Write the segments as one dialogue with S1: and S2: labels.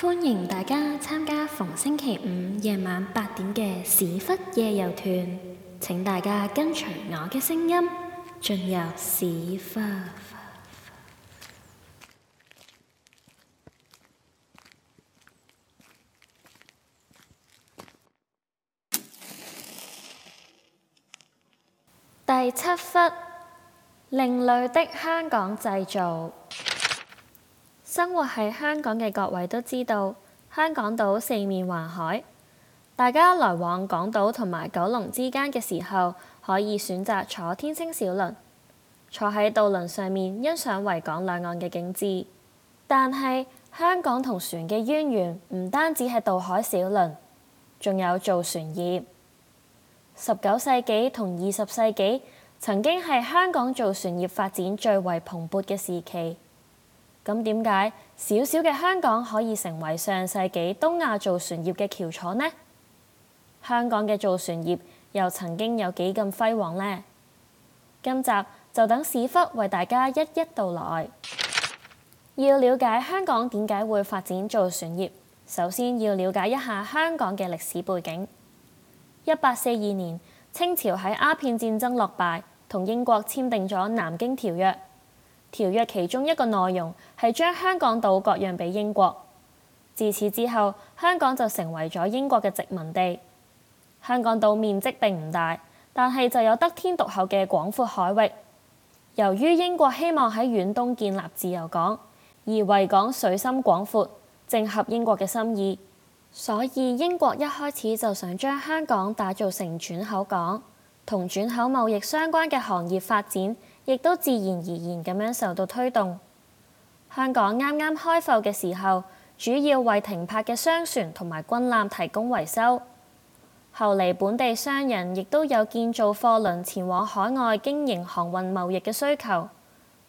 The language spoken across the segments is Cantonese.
S1: 歡迎大家參加逢星期五夜晚八點嘅史窟夜遊團。請大家跟隨我嘅聲音進入史窟。第七窟，另類的香港製造。生活喺香港嘅各位都知道，香港島四面環海，大家來往港島同埋九龍之間嘅時候，可以選擇坐天星小輪，坐喺渡輪上面欣賞維港兩岸嘅景致。但係香港同船嘅淵源唔單止係渡海小輪，仲有造船業。十九世紀同二十世紀曾經係香港造船業發展最為蓬勃嘅時期。咁點解小小嘅香港可以成為上世紀東亞造船業嘅翹楚呢？香港嘅造船業又曾經有幾咁輝煌呢？今集就等屎忽為大家一一道來。要了解香港點解會發展造船業，首先要了解一下香港嘅歷史背景。一八四二年，清朝喺鴉片戰爭落敗，同英國簽訂咗《南京條約》。條約其中一個內容係將香港島割讓俾英國，自此之後香港就成為咗英國嘅殖民地。香港島面積並唔大，但係就有得天獨厚嘅廣闊海域。由於英國希望喺遠東建立自由港，而維港水深廣闊，正合英國嘅心意，所以英國一開始就想將香港打造成轉口港，同轉口貿易相關嘅行業發展，亦都自然而然咁樣受到推動。香港啱啱開埠嘅時候，主要為停泊嘅商船同埋軍艦提供維修。後嚟本地商人亦都有建造貨輪前往海外經營航運貿易嘅需求，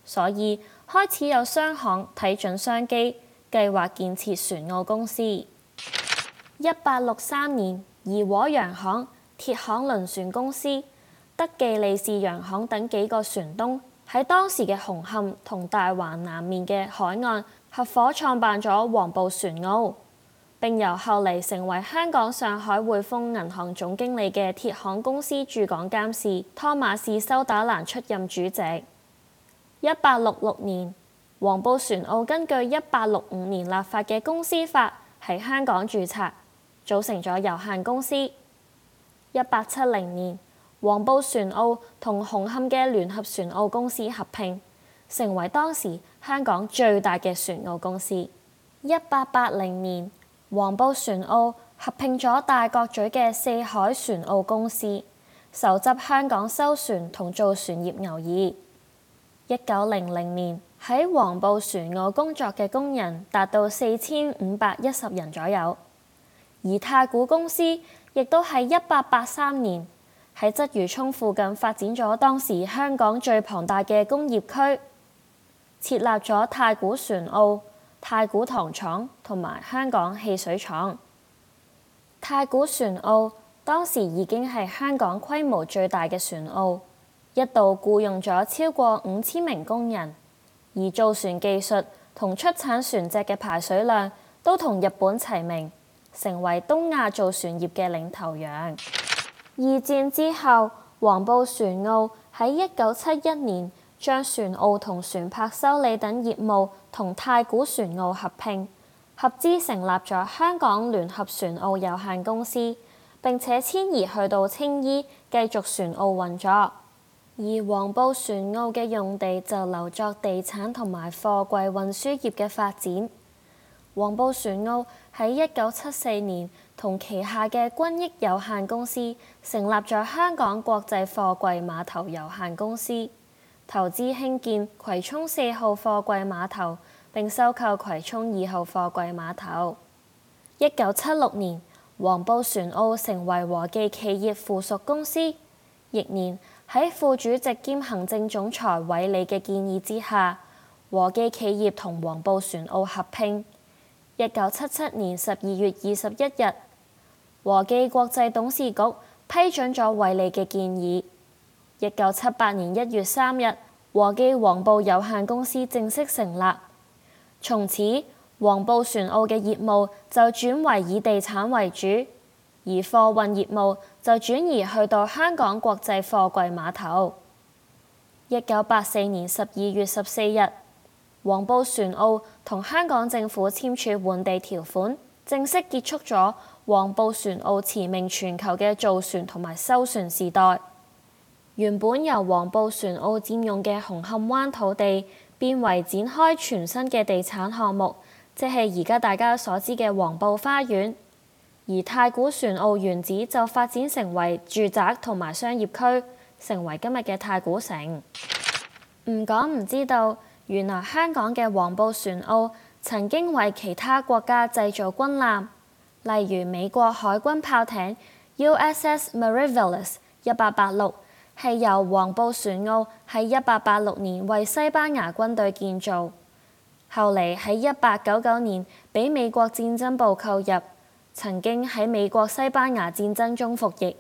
S1: 所以開始有商行睇準商機，計劃建設船澳公司。一八六三年，怡和洋行、鐵行輪船公司、德記利士洋行等幾個船東喺當時嘅紅磡同大環南面嘅海岸合夥創辦咗黃埔船澳，並由後嚟成為香港上海匯豐銀行總經理嘅鐵行公司駐港監事湯馬士修打蘭出任主席。一八六六年，黃埔船澳根據一八六五年立法嘅公司法喺香港註冊，組成咗有限公司。一八七零年，黃埔船澳同紅磡嘅聯合船澳公司合併，成為當時香港最大嘅船澳公司。一八八零年，黃埔船澳合併咗大角咀嘅四海船澳公司，執香港修船同造船業牛耳。一九零零年，喺黃埔船澳工作嘅工人達到四千五百一十人左右，而太古公司亦都喺一八八三年。喺鰂魚涌附近發展咗當時香港最龐大嘅工業區，設立咗太古船塢、太古糖廠同埋香港汽水廠。太古船塢當時已經係香港規模最大嘅船塢，一度僱用咗超過五千名工人，而造船技術同出產船隻嘅排水量都同日本齊名，成為東亞造船業嘅領頭羊。二戰之後，黃埔船塢喺一九七一年將船塢同船舶修理等業務同太古船塢合併，合資成立咗香港聯合船塢有限公司，並且遷移去到青衣繼續船塢運作。而黃埔船塢嘅用地就留作地產同埋貨櫃運輸業嘅發展。黃埔船塢喺一九七四年，同旗下嘅均益有限公司成立咗香港國際貨櫃碼頭有限公司，投資興建葵涌四號貨櫃碼頭並收購葵涌二號貨櫃碼頭。一九七六年，黃埔船澳成為和記企業附屬公司。翌年，喺副主席兼行政總裁韋理嘅建議之下，和記企業同黃埔船澳合併。一九七七年十二月二十一日，和記國際董事局批准咗韋利嘅建議。一九七八年一月三日，和記黃埔有限公司正式成立，從此黃埔船澳嘅業務就轉為以地產為主，而貨運業務就轉移去到香港國際貨櫃碼頭。一九八四年十二月十四日，黃埔船澳同香港政府簽署換地條款，正式結束咗黃埔船澳馳名全球嘅造船同埋修船時代。原本由黃埔船澳佔用嘅紅磡灣土地，變為展開全新嘅地產項目，即係而家大家所知嘅黃埔花園。而太古船澳原址就發展成為住宅同埋商業區，成為今日嘅太古城。唔講唔知道。原來香港嘅黃埔船澳曾經為其他國家製造軍艦，例如美國海軍炮艇 USS Merivales 一八八六，係由黃埔船澳喺一八八六年為西班牙軍隊建造，後嚟喺一八九九年俾美國戰爭部購入，曾經喺美國西班牙戰爭中服役。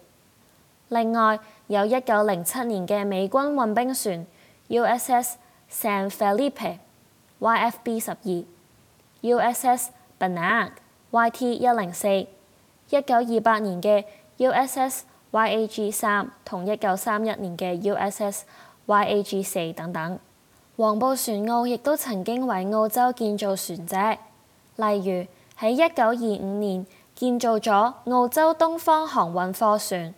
S1: 另外，有一九零七年嘅美軍運兵船 USS。San Felipe Y F B 十二 U S S Banan Y T 一零四，一九二八年嘅 U S S Y A G 三同一九三一年嘅 U S S Y A G 四等等，黃埔船澳亦都曾經為澳洲建造船隻，例如喺一九二五年建造咗澳洲東方航運貨船，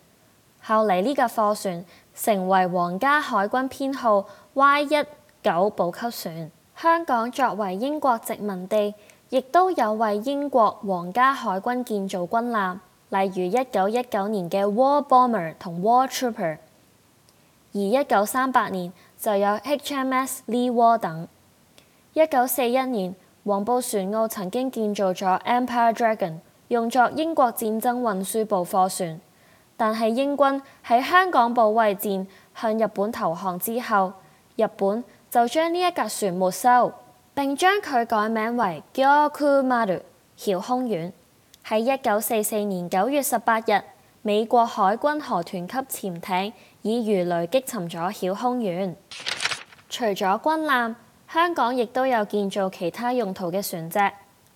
S1: 後嚟呢架貨船成為皇家海軍編號 Y 一。九補給船。香港作為英國殖民地，亦都有為英國皇家海軍建造軍艦，例如一九一九年嘅 War Bomber 同 War Trooper，而一九三八年就有 HMS Lee War 等。一九四一年，黃埔船澳曾經建造咗 Empire Dragon，用作英國戰爭運輸部貨船，但係英軍喺香港保衛戰向日本投降之後，日本。就將呢一格船沒收，並將佢改名為 Yokumaru 曉空丸。喺一九四四年九月十八日，美國海軍河豚級潛艇以魚雷擊沉咗曉空丸。除咗軍艦，香港亦都有建造其他用途嘅船隻，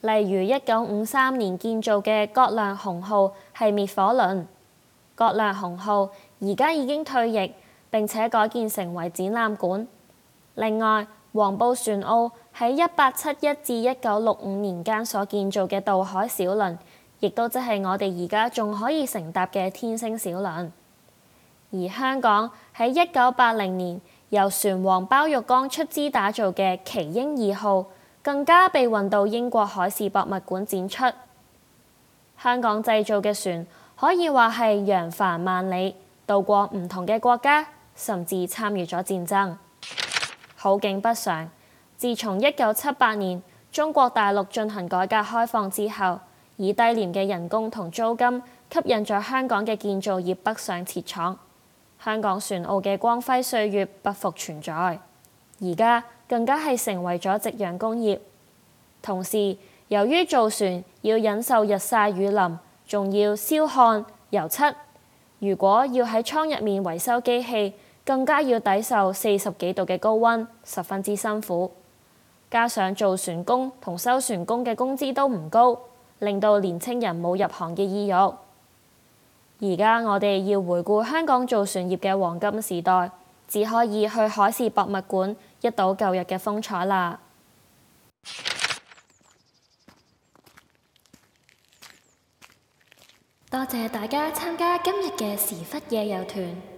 S1: 例如一九五三年建造嘅葛量洪號係滅火輪。葛量洪號而家已經退役並且改建成為展覽館。另外，黃埔船澳喺一八七一至一九六五年間所建造嘅渡海小輪，亦都即係我哋而家仲可以乘搭嘅天星小輪。而香港喺一九八零年由船王包玉剛出資打造嘅奇英二號，更加被運到英國海事博物館展出。香港製造嘅船可以話係揚帆萬里，渡過唔同嘅國家，甚至參與咗戰爭。好景不常，自從一九七八年中國大陸進行改革開放之後，以低廉嘅人工同租金吸引咗香港嘅建造業北上設廠，香港船塢嘅光輝歲月不復存在。而家更加係成為咗夕陽工業。同時，由於造船要忍受日曬雨淋，仲要燒焊油漆，如果要喺艙入面維修機器，更加要抵受四十幾度嘅高温，十分之辛苦。加上造船工同修船工嘅工資都唔高，令到年青人冇入行嘅意欲。而家我哋要回顧香港造船業嘅黃金時代，只可以去海事博物館一睹舊日嘅風采啦。多謝大家參加今日嘅時忽夜遊團。